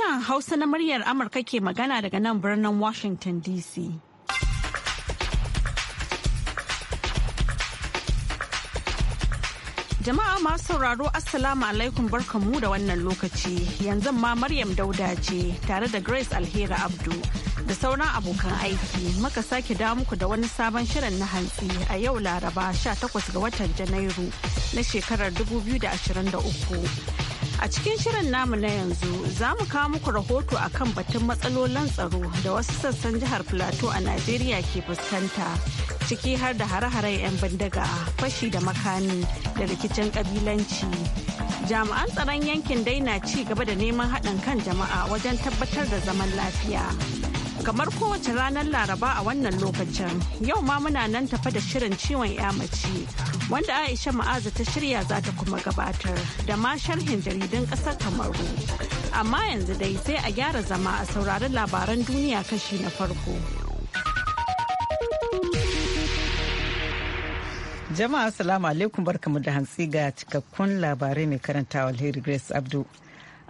Sashen Hausa na muryar Amurka ke magana daga nan birnin Washington DC. Jama'a masu sauraro Assalamu alaikum barkamu da wannan lokaci. Yanzu ma Maryam Dauda ce tare da Grace Alheri Abdu da sauran abokan aiki maka sake dawo muku da wani sabon shirin na hantsi a yau Laraba 18 ga watan Janairu na shekarar 2023. A cikin shirin namu na yanzu za mu kawo muku rahoto a kan batun matsalolin tsaro da wasu sassan jihar Filato a Najeriya ke fuskanta ciki har da hare-haren 'yan bindiga fashi da makami da rikicin kabilanci. Jami'an tsaron yankin dai na ci gaba da neman haɗin kan jama'a wajen tabbatar da zaman lafiya. Kamar kowace ranar Laraba a wannan lokacin, yau ma muna nan tafa da shirin ciwon 'ya mace. wanda Aisha Ma'aza ta shirya za ta kuma gabatar da ma sharhin jaridun ƙasar Kamaru. Amma yanzu dai sai a gyara zama a saurari labaran duniya kashi na farko. Jama'a salamu alaikum barkamu da hantsi ga cikakkun labarai mai karanta Alheri Grace Abdu.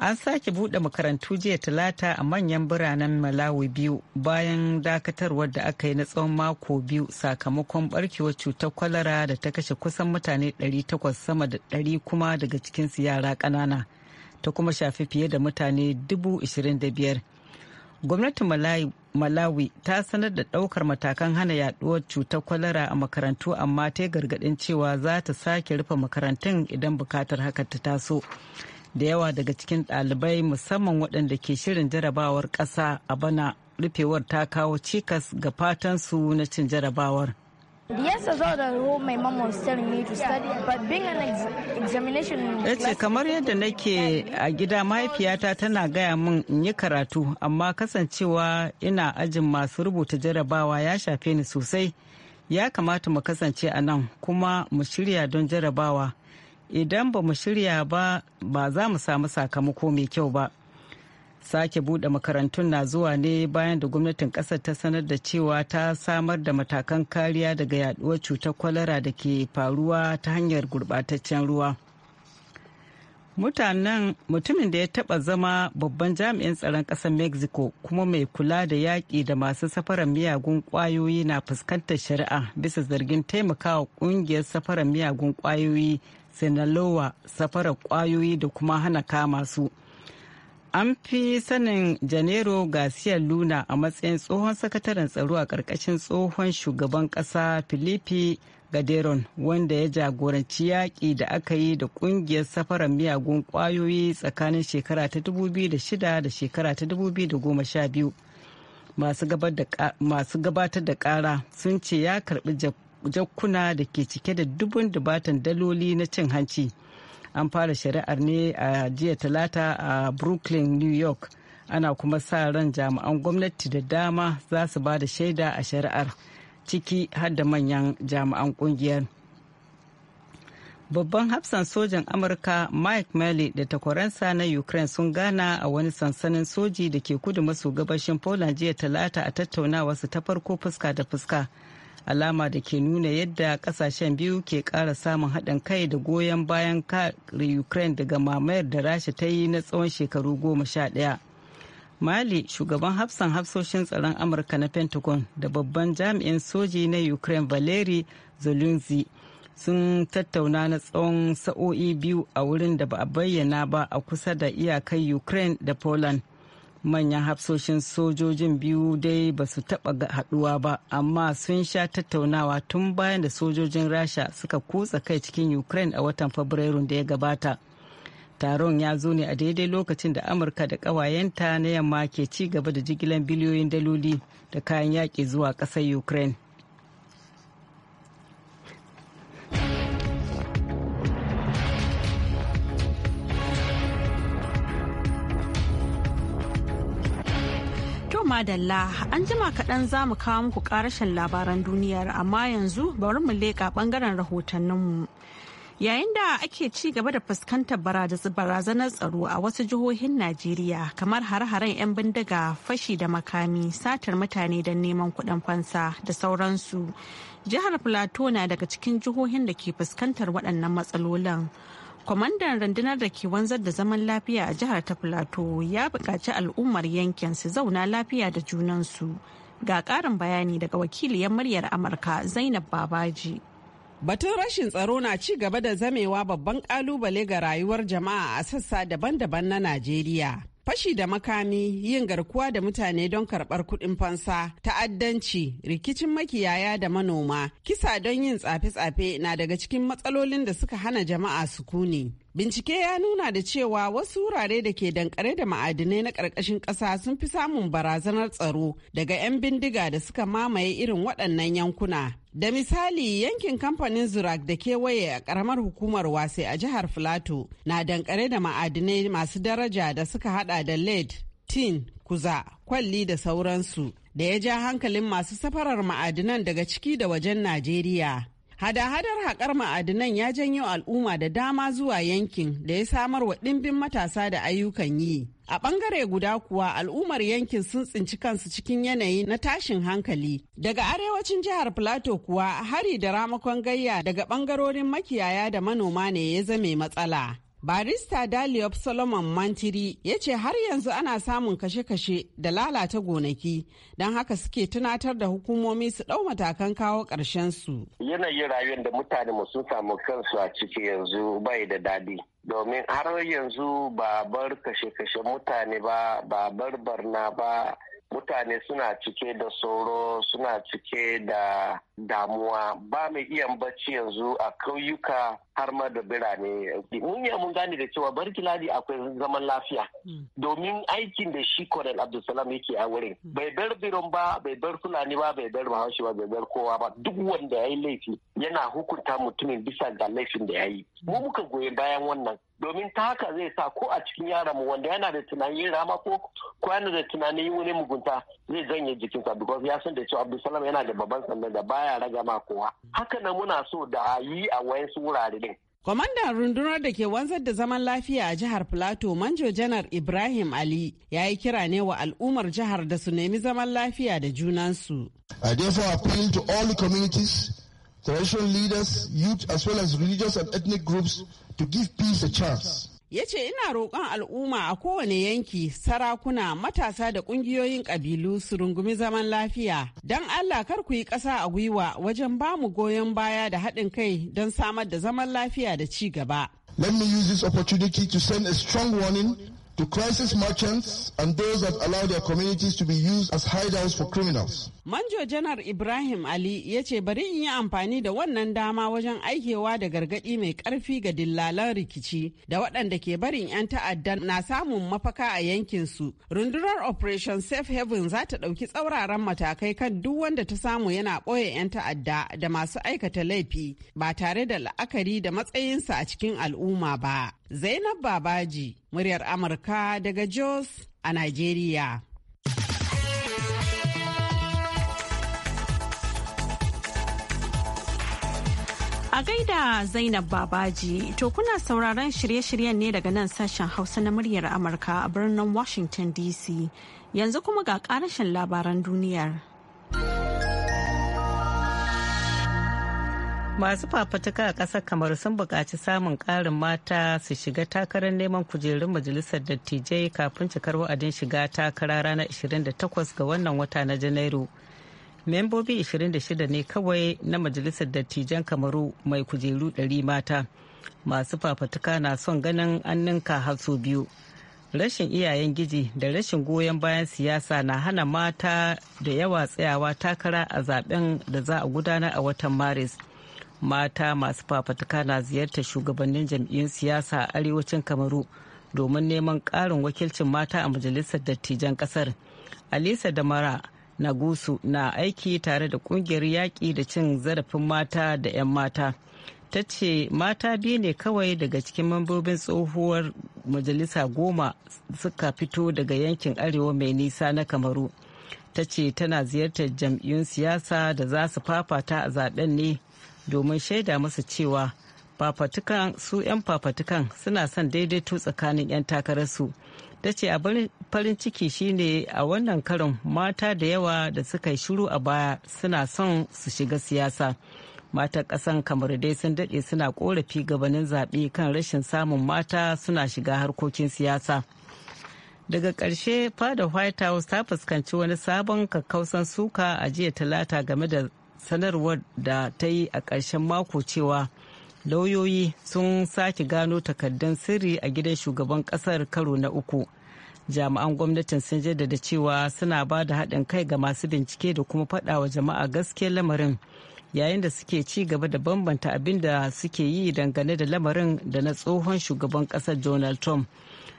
An sake bude makarantu jiya talata a manyan biranen Malawi biyu bayan dakatarwar da aka yi na tsawon mako biyu sakamakon barkewar cutar kwalara da ta kashe kusan mutane 800 sama da 100 kuma daga cikinsu yara kanana ta kuma shafi fiye da mutane 25,000. Gwamnatin Malawi Malawi ta sanar da daukar matakan hana yaduwar cutar kwalara a makarantu amma ta gargadin cewa za ta sake rufe makarantun idan bukatar haka ta taso. da yawa daga cikin ɗalibai musamman waɗanda ke shirin jarabawar ƙasa a bana rufewar ta kawo cikas ga fatansu na cin jarabawar. Ya ce kamar yadda nake a gida mahaifiyata tana gaya min in yi karatu, amma kasancewa ina ajin masu rubuta jarabawa ya shafe ni sosai. Ya kamata mu kasance a nan kuma mu shirya don jarabawa. idan ba mu shirya ba ba za mu samu sakamako mai kyau ba sake bude makarantun na zuwa ne bayan da gwamnatin kasar ta sanar da cewa ta samar da matakan kariya daga yaduwar cutar kwalara da ke faruwa ta hanyar gurbataccen ruwa mutanen mutumin da ya taba zama babban jami'in tsaron kasar mexico kuma mai kula da yaƙi da masu safarar miyagun ƙwayoyi na fuskantar shari'a bisa zargin taimakawa ƙungiyar safarar miyagun ƙwayoyi sinaloa safarar kwayoyi da kuma hana kama su an fi sanin janero garcia luna a matsayin tsohon sakataren tsaro a ƙarƙashin tsohon shugaban ƙasa filipi gaderon wanda ya jagoranci yaƙi da aka yi da ƙungiyar safarar miyagun ƙwayoyi tsakanin shekara ta 2006 da shekara ta 2012 masu gabatar da ƙara sun ce ya karɓi jakkuna da ke cike da dubun dubatan daloli na cin hanci an fara shari'ar ne a jiya talata a brooklyn new york ana kuma sa ran jami'an gwamnati da dama za su ba da shaida a shari'ar ciki har da manyan jami'an kungiyar babban hafsan sojan amurka mike malley da takwaransa na ukraine sun gana a wani sansanin soji da ke kudu maso gabashin poland jiya talata a tattaunawa su ta farko fuska da fuska alama da ke nuna yadda kasashen biyu ke kara samun haɗin kai da goyon bayan kare ukraine daga mamayar da rasha ta yi na tsawon shekaru goma sha ɗaya mali shugaban hafsan hafsoshin tsaron amurka na pentagon da babban jami'in soji na ukraine valeri zelensky sun tattauna na tsawon sa'o'i biyu a wurin da ba a bayyana ba a kusa da iyakar ukraine da poland manyan hafsoshin sojojin biyu dai ba su taɓa haduwa ba amma sun sha tattaunawa tun bayan da sojojin rasha suka kutsa kai cikin ukraine a watan fabrairu da ya gabata taron ya zo ne a daidai lokacin da amurka da ƙawayenta na yamma ke ci gaba da jigilan biliyoyin daloli da kayan yaƙi zuwa ƙasar ukraine madalla an jima kaɗan za mu kawo muku ƙarashin labaran duniyar amma yanzu bari mu leƙa ɓangaren rahotanninmu. Yayin da ake ci gaba da fuskantar barazanar tsaro a wasu jihohin Najeriya kamar hare-haren 'yan bindiga fashi da makami satar mutane don neman kuɗin fansa da sauransu. Jihar Plateau na daga cikin jihohin da ke fuskantar waɗannan matsalolin. kwamandan rundunar da ke wanzar da zaman lafiya a jihar ta plateau ya buƙaci al'ummar yankin su zauna lafiya da junansu ga ƙarin bayani daga wakiliyar muryar amurka zainab babaji Batun rashin tsaro na ci gaba da zamewa babban ƙalubale ga rayuwar jama'a a sassa daban-daban na Najeriya. fashi da makami yin garkuwa da mutane don karɓar kuɗin fansa ta'addanci rikicin makiyaya da manoma kisa don yin tsafe-tsafe na daga cikin matsalolin da suka hana jama'a sukuni Bincike ya nuna da cewa wasu wurare da ke dankare da ma'adinai na ƙarƙashin ƙasa sun fi samun barazanar tsaro daga 'yan bindiga da suka mamaye irin waɗannan yankuna. Da misali yankin kamfanin Zurak da kewaye a ƙaramar hukumar wase a jihar Filato na dankare da ma'adinai masu daraja da suka hada da lead, tin, kuza, kwalli da sauransu da ya ja hankalin masu safarar ma'adinan daga ciki da wajen Najeriya. Hada-hadar haƙar ma'adinan ya janyo al'umma da dama zuwa yankin da ya samar wa ɗimbin matasa da ayyukan yi. A ɓangare guda kuwa al'ummar yankin sun tsinci kansu cikin yanayi na tashin hankali. Daga arewacin jihar Plateau kuwa hari da ramakon gayya daga ɓangarorin makiyaya da manoma ne ya zame matsala. Barista Daliop Solomon Mantiri ya ce har yanzu ana samun kashe-kashe da lalata gonaki don haka suke tunatar da hukumomi su ɗau matakan kawo su. Yanayin rayuwar da mutane sun samu kansu a ciki yanzu bai da daɗi. Domin har yanzu ba bar kashe-kashe mutane ba, ba bar barna ba, mutane suna cike da tsoro suna cike da damuwa ba mai iya bacci yanzu a kauyuka har ma da birane mun yi mun gane da cewa barkiladi akwai zaman lafiya hmm. domin aikin da shi kwanan Abdulsalam yake a wurin hmm. bai bar biron ba bai bar Fulani ba bai bar Bahaushe ba bai bar kowa ba duk wanda ya yi laifi yana hukunta mutumin bisa ga laifin da ya yi mu hmm. muka goyi bayan wannan domin ta haka zai sa ko a cikin yaran mu wanda yana da tunanin rama ko ko yana da tunanin wani mugunta zai janye jikinsa because ya san da cewa Abdulsalam yana da babban sannan da baya raga ma kowa haka na muna so da a yi a wayansu wurare Kwamandan rundunar da ke wanzar da zaman lafiya a jihar Filato Manjo Janar Ibrahim Ali ya yi kira ne wa al'ummar jihar da su nemi zaman lafiya da junansu. I therefore appeal to all the communities, traditional leaders, youth as well as religious and ethnic groups to give peace a chance. ya ce ina roƙon al'umma a kowane yanki sarakuna matasa da ƙungiyoyin ƙabilu su rungumi zaman lafiya don allah kar ku yi ƙasa a gwiwa wajen ba mu goyon baya da haɗin kai don samar da zaman lafiya da ci gaba Let me use this opportunity to send a strong warning to crisis merchants and those that allow their communities to be used as hideouts for criminals. Manjo Janar Ibrahim Ali ya ce bari in yi amfani da wannan dama wajen aikewa da gargaɗi mai ƙarfi ga dillalan rikici da waɗanda ke barin 'yan ta'adda na samun mafaka a yankinsu. Rundunar Operation Safe Haven za ta ɗauki tsauraran matakai kan duk wanda ta samu yana ɓoye 'yan ta'adda da masu aikata laifi ba tare da la'akari da matsayinsa a cikin al'umma ba. Zainab Babaji, muryar Amurka daga Jos a Najeriya. A gaida Zainab Babaji, to kuna sauraron shirye-shiryen ne daga nan sashen Hausa na muryar Amurka a birnin Washington DC. Yanzu kuma ga ƙarashin labaran duniyar. masu fafatuka a ƙasar kamar sun buƙaci samun ƙarin mata su shiga takarar neman kujerun majalisar dattijai kafin cikar wa'adin shiga takara ranar 28 ga wannan wata na janairu membobi 26 ne kawai na majalisar dattijan kamaru mai kujeru 100 mata masu fafatuka na son ganin an ninka har biyu rashin iyayen giji da rashin goyon bayan siyasa na hana mata da yawa tsayawa takara a zaben da za a gudanar a watan maris mata masu fafatuka na ziyartar shugabannin jam'iyyun siyasa a arewacin kamaru domin neman ƙarin wakilcin mata a majalisar dattijan ƙasar alisa damara nagusu na aiki tare da ƙungiyar yaƙi da cin zarafin mata da 'yan mata ta ce mata biyu ne kawai daga cikin mambobin tsohuwar majalisa goma suka fito daga yankin arewa mai nisa na kamaru ta ce tana ziyartar jam'iyyun siyasa da za su fafata a zaben ne domin shaida musu cewa su 'yan fafatukan suna son daidaito tsakanin 'yan takararsu ta ce abin farin ciki shine a wannan karin mata da yawa da suka yi shiru a baya suna son su shiga siyasa matan kasan kamar dai sun daɗe suna korafi gabanin zaɓe kan rashin samun mata suna shiga harkokin siyasa daga ƙarshe fada white house ta fuskanci wani sabon kakkausan suka a jiya talata game da sanarwar da ta yi a ƙarshen mako cewa lauyoyi sun sake gano takardun sirri a gidan shugaban ƙasar karo na uku jami'an gwamnatin sun jaddada cewa suna ba da haɗin kai ga masu bincike da kuma faɗa wa jama'a gaskiyar lamarin yayin da suke ci gaba da bambanta abin da suke yi dangane da lamarin da na tsohon shugaban ƙasar donald trump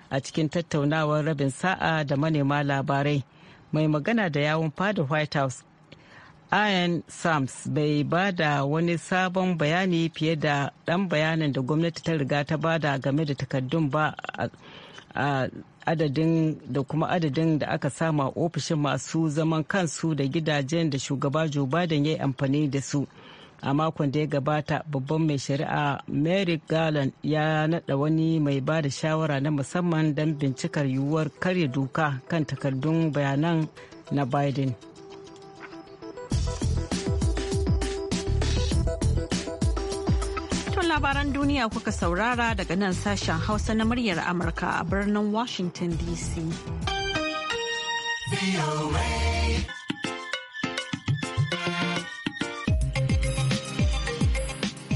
a cikin tattaunawar rabin sa'a da manema labarai mai magana da yawon fada white house Ian Sams bai ba da wani sabon bayani fiye da ɗan bayanin da gwamnati ta riga ta bada game da takardun ba a adadin da kuma adadin da aka sama ofishin masu zaman kansu da gidajen da shugaba Joe Biden ya yi amfani da su. a makon da ya gabata babban mai shari'a Mary garland ya naɗa wani mai ba da shawara na musamman don bincikar yiwuwar karya doka kan takardun bayanan na biden labaran duniya kuka saurara daga nan sashen Hausa na muryar Amurka a birnin Washington DC.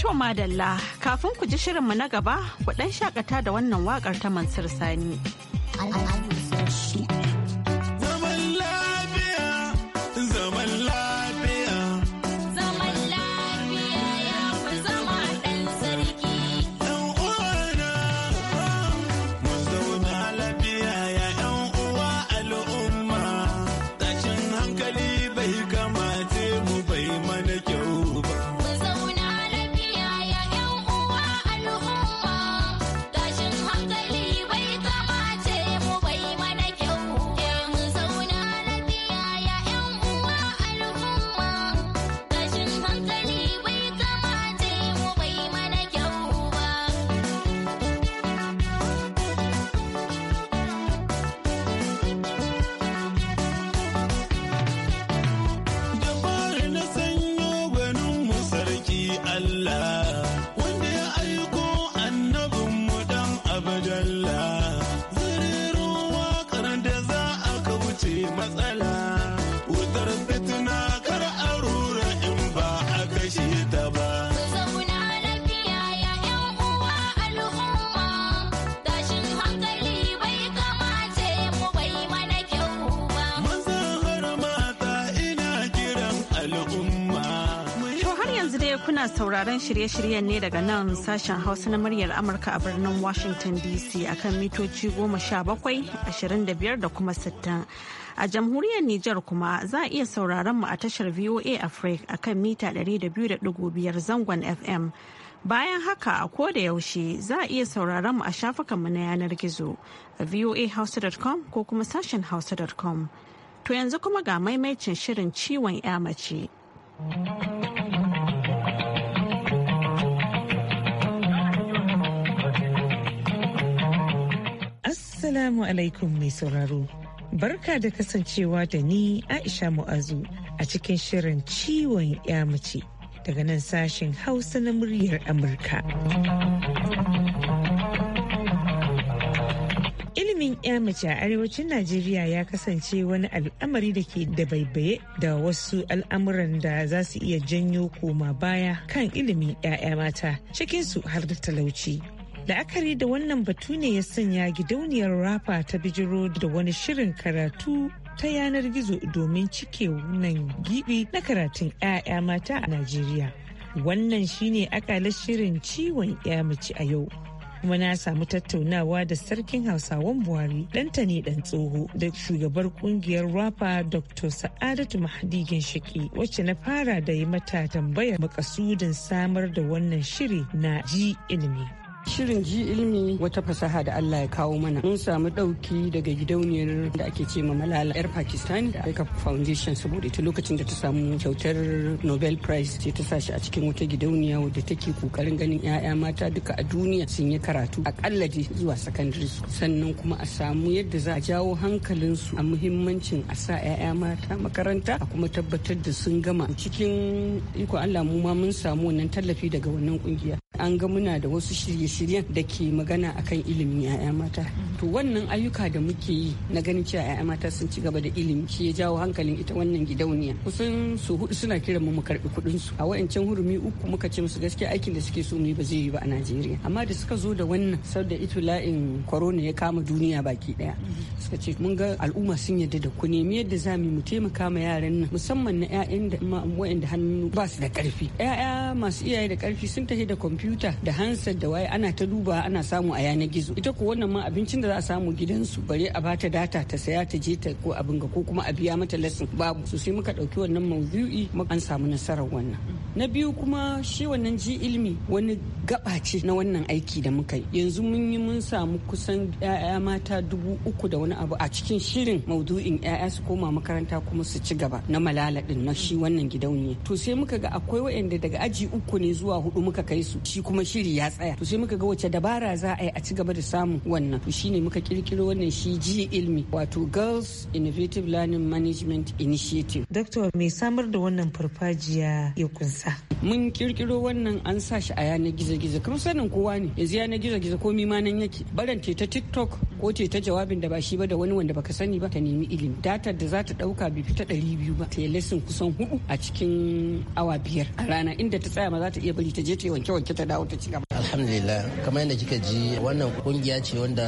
To madalla kafin ku ji shirinmu na gaba, ku ɗan shakata da wannan waƙar ta Mansur Sani. sauraron shirye-shiryen ne daga nan sashen Hausa na muryar Amurka a birnin Washington DC akan mitoci goma sha bakwai, ashirin da biyar da kuma sittin. A jamhuriyar Nijar kuma za a iya sauraron mu a tashar VOA Africa akan mita 200.5 zangon FM. Bayan haka a ko da yaushe za a iya sauraron mu a shafukanmu na yanar gizo a voahausa.com ko kuma sashen hausa.com. To yanzu kuma ga maimaicin shirin ciwon 'ya mace. Assalamu alaikum mai sauraro. Barka da kasancewa da ni Aisha Mu'azu a cikin shirin ciwon ya mace daga nan sashen Hausa na muryar Amurka. Ilimin ya mace a arewacin Najeriya ya kasance wani al'amari da ke da baibaye da wasu al'amuran da za su iya janyo koma baya kan ilimin 'ya'ya mata cikinsu har da talauci. la'akari da wannan batu ne ya sanya gidauniyar rafa ta bijiro da wani shirin karatu ta yanar gizo domin cike wannan gibi na karatun 'ya'ya mata a najeriya wannan shine akalar shirin ciwon 'ya mace a yau kuma na samu tattaunawa da sarkin hausawan buhari ɗanta ne ɗan tsoho da shugabar kungiyar rafa dr sa'adatu mahadi ginshiki wacce na fara da yi mata tambayar makasudin samar da wannan shiri na ji ilimi Shirin ji ilimi wata fasaha da Allah ya kawo mana. Mun samu ɗauki daga gidauniyar da ake ce ma Malala yar Pakistan da Africa Foundation saboda ita lokacin da ta samu kyautar Nobel Prize ce ta sashi a cikin wata gidauniya wadda take kokarin ganin 'ya'ya mata duka a duniya sun yi karatu akalla dai zuwa secondary school sannan kuma a samu yadda za a jawo hankalin su a muhimmancin a sa 'ya'ya mata makaranta a kuma tabbatar da sun gama cikin iko Allah mu ma mun samu wannan tallafi daga wannan kungiya an ga muna da wasu shirye-shiryen da ke magana akan ilimin 'ya'ya mata to wannan ayyuka da muke yi na ganin cewa 'ya'ya mata sun ci gaba da ilimi shi ya jawo hankalin ita wannan gidauniya kusan su hudu suna kiran mu mu karbi kuɗin su a wa'yancin hurumi uku muka ce musu gaskiya aikin da suke so mu yi ba zai yi ba a Najeriya amma da suka zo da wannan sau da ito la'in corona ya kama duniya baki daya suka ce mun ga al'umma sun yadda da ku nemi yadda za mu taimaka ma yaran nan musamman na 'ya'yan da wa'anda hannu ba su da karfi 'ya'ya masu iyaye da karfi sun tafi da kwamfuta da hansa da waya ana ta duba ana samu a yanar gizo ita ko wannan ma abincin da za a samu gidansu bare a bata data ta saya ta je ta ko abin ga ko kuma a biya mata lesson babu su sai muka ɗauki wannan maudu'i an samu nasarar wannan na biyu kuma shi wannan ji ilimi wani gaba ce na wannan aiki da muka yi yanzu mun yi mun samu kusan 'ya'ya mata dubu uku da wani abu a cikin shirin maudu'in 'ya'ya su koma makaranta kuma su ci gaba na malala din na shi wannan gidauniya to sai muka ga akwai wayanda daga aji uku ne zuwa hudu muka kai su shi kuma shiri ya tsaya to sai muka ga wace dabara za a yi a ci gaba da samun wannan to shine muka kirkiro wannan shi ji ilmi wato Girls Innovative Learning Management Initiative. Dr. mai samar da wannan farfajiya ya kunsa. Mun kirkiro wannan an sa shi a yanar gizo-gizo. Kuma sanin kowa ne yanzu yanar gizo-gizo komi ma nan yake. Barante ta TikTok ko ce ta jawabin da ba shi ba da wani wanda baka sani ba ta nemi ilimi datar da za ta dauka bi fita ɗari biyu ba ta yi lesson kusan hudu a cikin awa biyar a rana inda ta tsaya ma za ta iya bari ta je ta yi wanke wanke ta dawo ta ci gaba alhamdulillah kamar yadda kika ji wannan kungiya ce wanda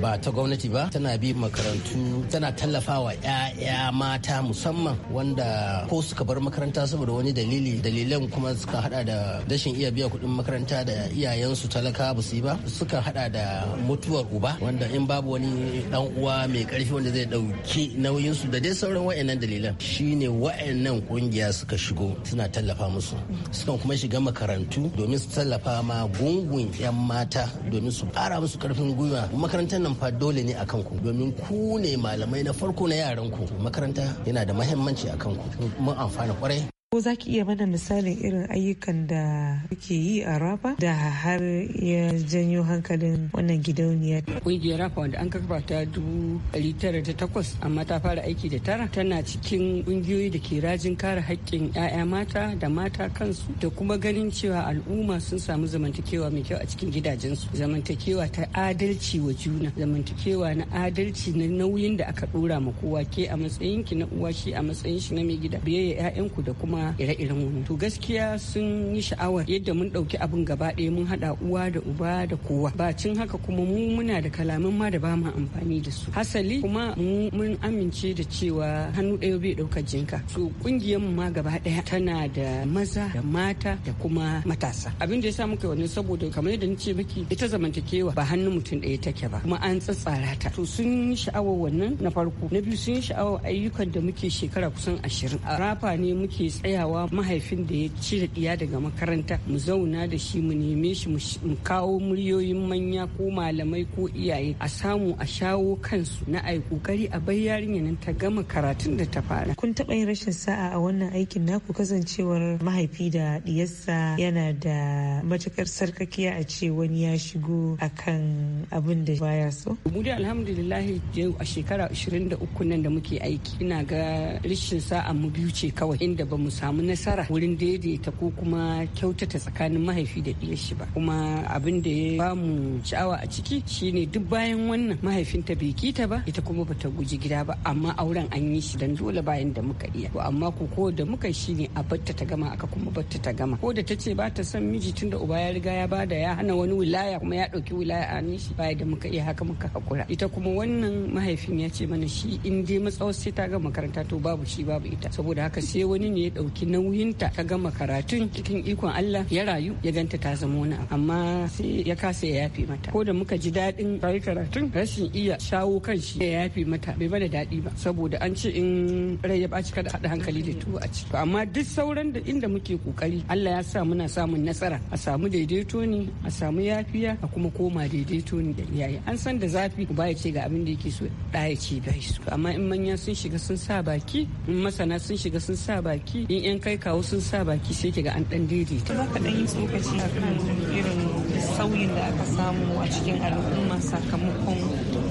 ba ta gwamnati ba tana bi makarantu tana tallafawa 'ya'ya mata musamman wanda ko suka bar makaranta saboda wani dalili dalilan kuma suka hada da rashin iya biya kuɗin makaranta da iyayensu talaka ba su yi ba suka hada da mutuwar uba Da in babu wani dan uwa mai karfi wanda zai dauki nauyinsu da dai sauran wayannan dalilan shine wayannan kungiya suka shigo suna tallafa musu sukan kuma shiga makarantu domin su tallafa ma gungun yan mata domin su fara musu karfin gwiwa makarantar nan fa dole ne akan ku domin ku ne malamai na farko na yaran ku makaranta yana da mahimmanci akan ku mun amfana kwarai Ko za ki iya mana misalin irin ayyukan da kuke yi a Rafa da har ya janyo hankalin wannan gidauniya? Ƙungiyar Rafa wanda an kafa ta dubu ɗari tara da takwas amma ta fara aiki da tara tana cikin ƙungiyoyi da ke rajin kare haƙƙin 'ya'ya mata da mata kansu da kuma ganin cewa al'umma sun samu zamantakewa mai kyau a cikin gidajensu. Zamantakewa ta adalci wa juna, zamantakewa na adalci na nauyin da aka ɗora ma kowa ke a matsayinki na uwa shi a matsayin shi na mai gida biyayya 'ya'yanku da kuma kuma ire-iren wani to gaskiya sun yi sha'awar yadda mun ɗauki abin gaba ɗaya mun haɗa uwa da uba da kowa ba cin haka kuma mu muna da kalaman ma da ba mu amfani da su hasali kuma mu mun amince da cewa hannu ɗaya bai ɗaukar jinka to ƙungiyar mu ma gaba ɗaya tana da maza da mata da kuma matasa abin da ya sa muka wannan saboda kamar yadda nace miki ita zamantakewa ba hannun mutum ɗaya take ba kuma an tsatsara ta to sun yi sha'awar wannan na farko na biyu sun yi sha'awar ayyukan da muke shekara kusan ashirin a rafa ne muke tsaye tsayawa mahaifin da ya cire ɗiya daga makaranta mu zauna da shi mu neme shi mu kawo muryoyin manya ko malamai ko iyaye a samu a shawo kansu na ai kokari a bar yarinya nan ta gama karatun da ta fara. Kun taɓa yin rashin sa'a a wannan aikin naku kasancewar mahaifi da ɗiyarsa yana da matukar sarkakiya a ce wani ya shigo akan abin da baya so? Mu da alhamdulillahi yau a shekara 23 nan da muke aiki ina ga rashin sa'a mu biyu ce kawai inda ba mu samu nasara wurin daidaita ko kuma kyautata tsakanin mahaifi da ɗiyar shi ba kuma abin da ya bamu sha'awa a ciki shine duk bayan wannan mahaifinta bai kita ba ita kuma bata guji gida ba amma auren an yi shi dan dole bayan da muka iya to amma ko ko da muka shine a batta ta gama aka kuma batta ta gama ko da ta ce ba ta son miji tunda uba ya riga ya bada ya hana wani wilaya kuma ya ɗauki wilaya a shi bayan da muka iya haka muka hakura ita kuma wannan mahaifin ya ce mana shi in dai matsawar sai ta gama makaranta to babu shi babu ita saboda haka sai wani ne ya ɗauki nauyinta ta gama karatun cikin ikon Allah ya rayu ya ganta ta zama wani amma sai ya kasa ya yafe mata ko da muka ji daɗin rayu karatun rashin iya shawo kan shi ya yafe mata bai bada daɗi ba saboda an ce in rai ya ɓaci kada haɗa hankali da tuwo a ciki amma duk sauran da inda muke kokari Allah ya sa muna samun nasara a samu daidaito ne a samu yafiya a kuma koma daidaito ne da iyaye an san da zafi ba ya ce ga abin da yake so ɗaya ce bai so amma in manya sun shiga sun sa baki in masana sun shiga sun sa baki in yan kai kawo sun sa baki sai ga an dan daidaita. Za ka dan yi tsokaci a kan irin sauyin da aka samu a cikin al'umma sakamakon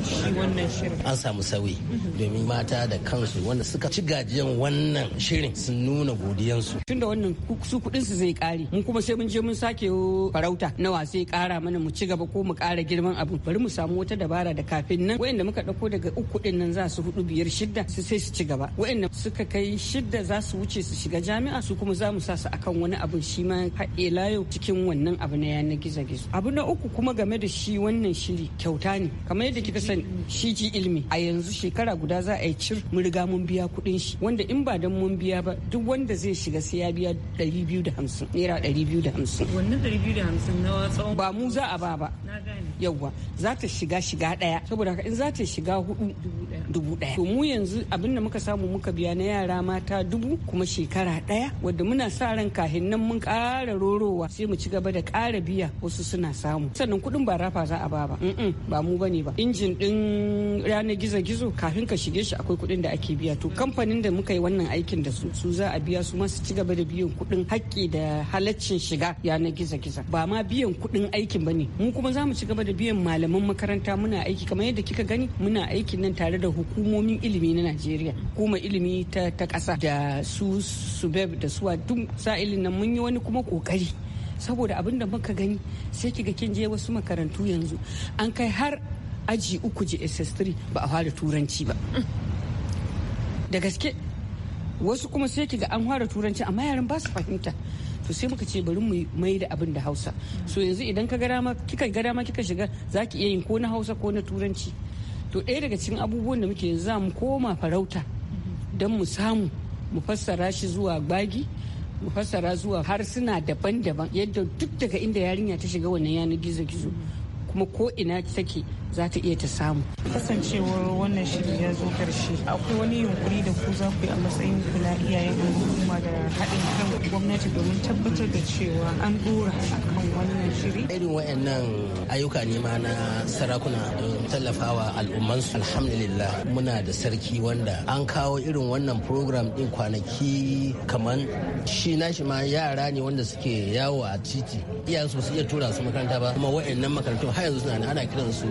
shi wannan shirin. An samu sauyi domin mata da kansu wanda suka ci gajiyan wannan shirin sun nuna godiyansu. Tun da wannan su kuɗin su zai kare mun kuma sai mun je mun sake farauta nawa sai kara mana mu ci gaba ko mu kara girman abu bari mu samu wata dabara da kafin nan wayanda muka ɗauko daga uku ɗin nan za su hudu biyar shidda su sai su ci gaba wayanda suka kai shidda za su wuce su shiga jami'a su kuma za mu sa su akan wani abin shi ma haɗe layo cikin wannan abu na yanar gizo-gizo. su abu na uku kuma game da shi wannan shiri kyauta ne kamar yadda kika sani shi ji ilimi a yanzu shekara guda za a yi cir mun riga mun biya kuɗin shi wanda in ba dan mun biya ba duk wanda zai shiga sai ya biya 250 naira 250 wannan 250 na tsawon ba mu za a ba ba yauwa za ta shiga shiga daya saboda haka in za ta shiga hudu dubu ɗaya to mu yanzu abin da muka samu muka biya na yara mata dubu kuma shekara daya wadda muna sa ran kahin nan mun ƙara rorowa sai mu ci gaba da ƙara biya wasu suna samu sannan kuɗin ba rafa za a ba ba ba mu bane ba injin din ranar gizo-gizo kafin ka shige shi akwai kuɗin da ake biya to kamfanin da muka yi wannan aikin da su su za a biya su masu ci gaba da biyan kuɗin haƙƙi da halaccin shiga yana gizo-gizo ba ma biyan kuɗin aikin ba ne mu kuma za mu ci gaba da biyan malaman makaranta muna aiki kamar yadda kika gani muna aiki nan tare da hukumomin ilimi na najeriya hukumar ilimi ta ƙasa da su subeb da suwa duk sa'ilin nan mun yi wani kuma kokari saboda abin da muka gani sai kiga kin je wasu makarantu yanzu an kai har aji uku ss 3 ba a fara turanci ba da gaske wasu kuma sai kiga an fara turanci amma yaran ba su fahimta to sai muka ce bari mu mai da abin da hausa so yanzu idan ka ga dama kika ga dama kika shiga zaki iya yin ko na hausa ko na turanci to ɗaya daga cikin abubuwan da muke za mu koma farauta don mu samu mu fassara shi zuwa gbagi mu fassara zuwa harsuna daban-daban yadda duk daga inda yarinya ta shiga wannan yanar gizo-gizo kuma ko ina take za ta iya ta samu. Kasancewar wannan shiri ya zo karshe akwai wani yunkuri da ku za ku yi a matsayin kula iyayen al'umma da haɗin kan gwamnati domin tabbatar da cewa an dora akan wannan shiri. Irin wayannan ayyuka ne ma na sarakuna don tallafawa al'ummansu alhamdulillah muna da sarki wanda an kawo irin wannan program din kwanaki kamar. shi nashi ma yara ne wanda suke yawo a titi iyayen su iya tura su makaranta ba kuma wa'annan makarantun har yanzu na ana kiran su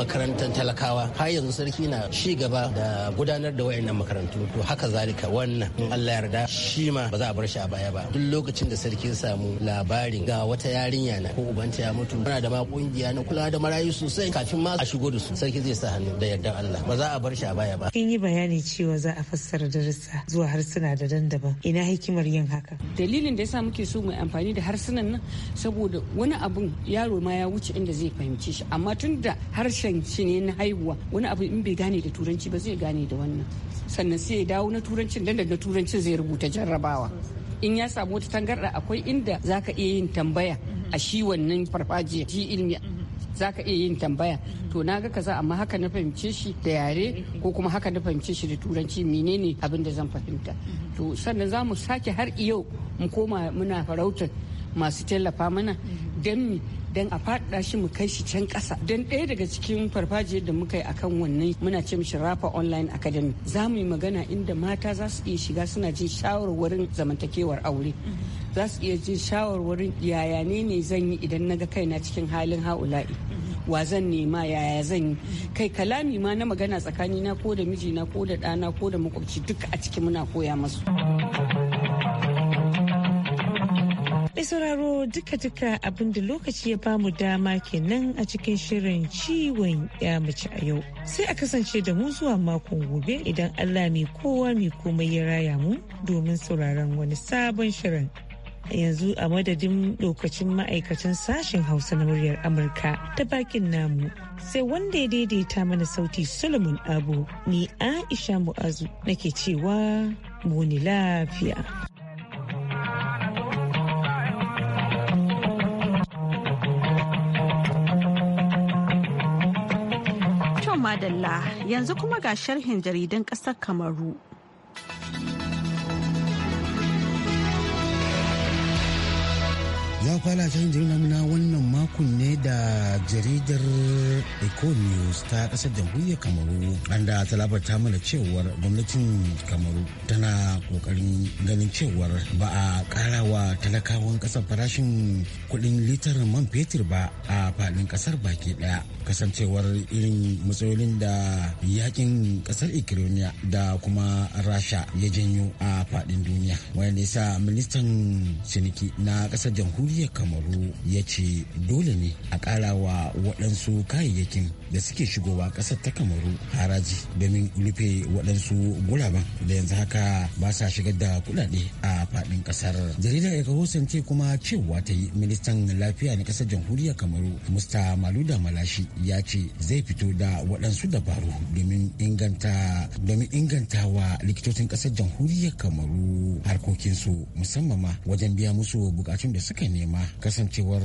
makarantar talakawa har yanzu sarki na shi gaba da gudanar da wayannan makarantu to haka zalika wannan in Allah yarda shi ma ba za a bar shi a baya ba duk lokacin da sarki ya samu labarin ga wata yarinya na ko ubanta ya mutu muna da ma kungiya na kula da marayu sosai kafin ma a shigo da su sarki zai sa hannu da yardan Allah ba za a bar shi a baya ba kin yi bayani cewa za a fassara darussa zuwa harsuna da daban ina hikimar yin haka dalilin da yasa muke so mu amfani da harsunan nan saboda wani abun yaro ma ya wuce inda zai fahimci shi amma tun da harshen shi ne na haihuwa wani abu in bai gane da turanci ba zai gane da wannan sannan sai ya dawo na turancin dan daga turancin zai rubuta jarrabawa in ya samu wata tangarda akwai inda zaka iya yin tambaya a shi wannan farfajiya ji ilmi za iya yin tambaya to na ga kaza amma haka na fahimce shi da yare ko kuma haka na fahimce shi da turanci menene abin da zan fahimta to sannan za mu sake har yau mu koma muna farautar masu tallafa mana don don a faɗa shi mu kai shi can ƙasa don ɗaya daga cikin farfajiyar da muka yi akan wannan muna ce mishi rafa online academy za mu yi magana inda mata za su iya shiga suna jin shawarwarin zamantakewar aure za su iya jin shawarwarin yaya ne ne zan yi idan na ga kaina cikin halin ha'ula'i wa zan nema yaya zan yi kai kalami ma na magana tsakanina ko da mijina ko da ɗana ko da makwabci duka a cikin muna koya masu. Mai sauraro duka-duka abinda lokaci ya bamu dama kenan a cikin shirin ciwon ya mace a yau. Sai a kasance da mu zuwa makon gobe idan Allah mai kowa mai komai ya raya mu domin sauraron wani sabon shirin. yanzu a madadin lokacin ma'aikacin sashen hausa na muryar amurka ta bakin namu sai wanda ya daidaita mana sauti solomon abu ni aisha mu'azu nake cewa muni lafiya madalla yanzu kuma ga sharhin jaridan ƙasar Kamaru Ya fara can jirgin wannan makon ne da jaridar eco news ta kasar jamhuriyar kamaru an da ta labarta mana cewar gwamnatin kamaru tana kokarin ganin cewar ba a karawa talakawan kasar farashin kudin litar man fetur ba a fadin kasar baki daya kasancewar irin matsalolin da yakin kasar ikironiya da kuma rasha ya janyo a fadin duniya wanda ya sa ministan ciniki na kasar jamhuriyar jamhuriyar kamaru ya ce dole ne a ƙara wa waɗansu kayayyakin da suke shigowa ƙasar ta kamaru haraji domin rufe waɗansu guraben da yanzu haka ba sa shigar da kuɗaɗe a faɗin ƙasar jaridar ya ce kuma cewa ta yi ministan lafiya na ƙasar jamhuriyar kamaru musta maluda malashi ya ce zai fito da waɗansu dabaru domin inganta domin inganta wa likitocin ƙasar jamhuriyar kamaru harkokinsu musamman ma wajen biya musu bukatun da suka nema ma kasancewar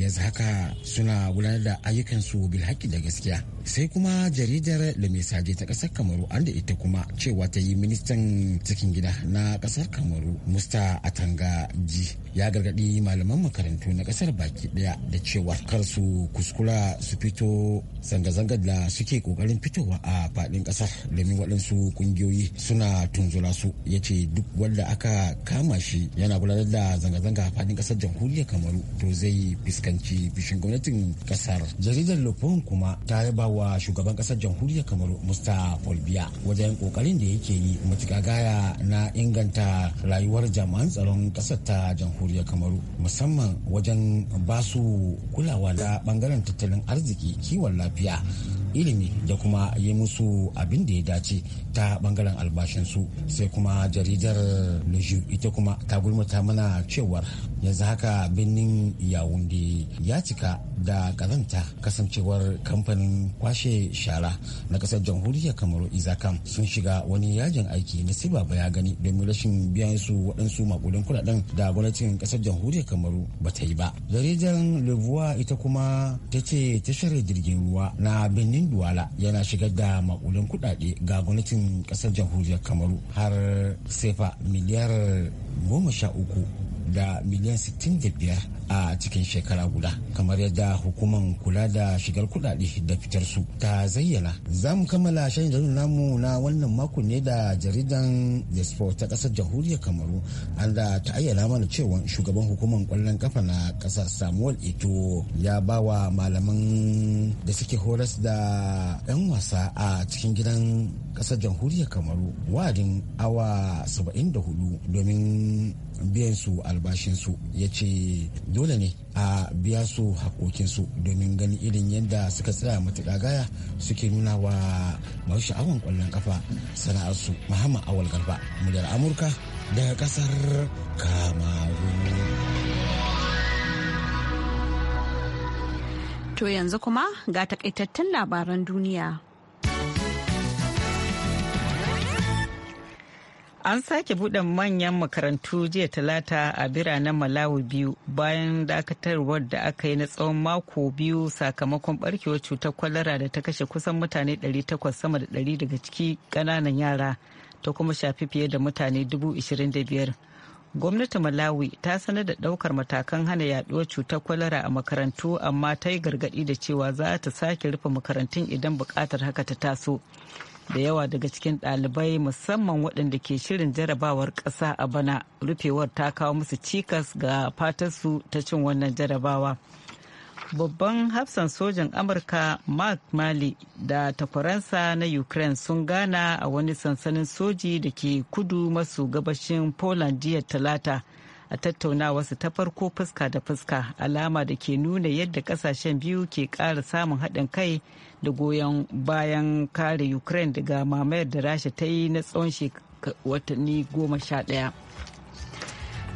yanzu haka suna gudanar da ayyukansu bil haƙƙi da gaskiya sai kuma jaridar da saje ta ƙasar kamaru an da ita kuma cewa ta yi ministan cikin gida na ƙasar kamaru musta atanga ji ya gargaɗi malaman makarantu na ƙasar baki ɗaya da cewa kar su kuskura su fito zanga zanga da suke ƙoƙarin fitowa a faɗin ƙasar domin waɗansu ƙungiyoyi suna tunzula su ya ce duk wanda aka kama shi yana gudanar da zanga-zanga a faɗin ƙasar jamhuriyar jamhuriyar kamaru to zai fuskanci bishin gwamnatin kasar jaridar lopon kuma ta yaba wa shugaban kasar jamhuriyar kamaru musta folbiya wajen kokarin da yake yi matuka gaya na inganta rayuwar jami'an tsaron kasar ta jamhuriyar kamaru musamman wajen basu kulawa da bangaren tattalin arziki kiwon lafiya ilimi da kuma yi musu abin da ya dace ta bangaren albashinsu sai kuma jaridar leju ita kuma ta gulmata mana cewar yanzu haka birnin yawunde ya cika da kazanta kasancewar kamfanin kwashe shara na kasar jamhuriyar kamaru izakam sun shiga wani yajin aiki na siba ya gani domin rashin biyan su waɗansu makulin kuɗaɗen da gwamnatin kasar jamhuriyar kamaru ba ta yi ba jaridar lebuwa ita kuma ta ce tashar jirgin ruwa na birnin abin duwala yana shigar da makulin kudade ga gwamnatin kasar jamhuriyar kamaru har sefa miliyar goma sha uku da miliyan 65 a cikin shekara guda kamar yadda hukumar kula da shigar kudade da fitar su ta zayyana za mu kammala shan jaridar namu na wannan makon ne da jaridan the ta kasar jamhuriyar kamaru an da ta ayyana mana cewa shugaban hukumar kwallon kafa na kasa samuel ito ya ba wa malaman da suke horas da 'yan wasa a cikin gidan kasar jamhuriyar kamaru wa'adin awa 74 domin biyan su albashinsu ya ce dole ne a biya su hakokinsu domin gani irin yadda suka tsaya matuƙa gaya suke nuna wa masu sha'awan ƙwallon kafa sana'arsu muhammad awal garba muryar amurka daga ƙasar kamaru to yanzu kuma ga takaitattun labaran duniya An sake buɗe manyan makarantu jiya talata a biranen Malawi biyu bayan dakatarwar da aka yi na tsawon mako biyu sakamakon barkewar cutar kwalara da ta kashe kusan mutane 800 sama da 100 daga ciki ƙananan yara ta kuma shafi fiye da mutane 25,000. gwamnati Malawi ta sanar da ɗaukar matakan hana yaduwar cutar kwalara a makarantu amma ta yi gargaɗi da cewa za ta sake rufe makarantun idan buƙatar haka ta taso. da yawa daga cikin ɗalibai musamman waɗanda ke shirin jarabawar ƙasa a bana rufewar ta kawo musu cikas ga su ta cin wannan jarabawa babban hafsan sojan amurka mark mali da takwaransa na ukraine sun gana a wani sansanin soji da ke kudu maso gabashin poland jiya talata a su ta farko fuska da fuska alama da ke nuna yadda kasashen biyu ke ƙara samun haɗin kai da goyon bayan kare ukraine daga mamayar da rasha ta yi na tsawon watanni goma sha ɗaya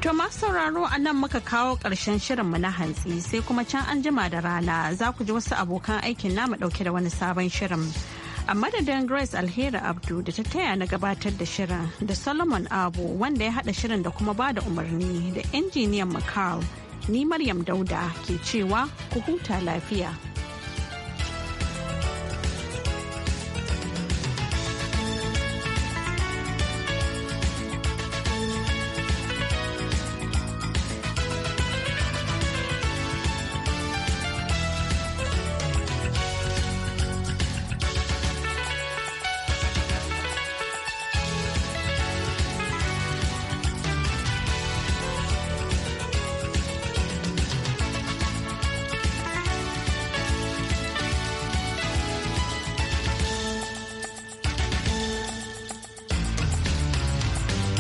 To sauraro a nan muka kawo ƙarshen mu na hantsi sai kuma can an jima da rana za ku ji wasu abokan aikin namu ɗauke da wani sabon shirin. a madadin grace alheri abdu da ta taya na gabatar da shirin da solomon abu wanda ya hada shirin da kuma ba da umarni da injiniyan mccall ni maryam dauda ke cewa ku huta lafiya.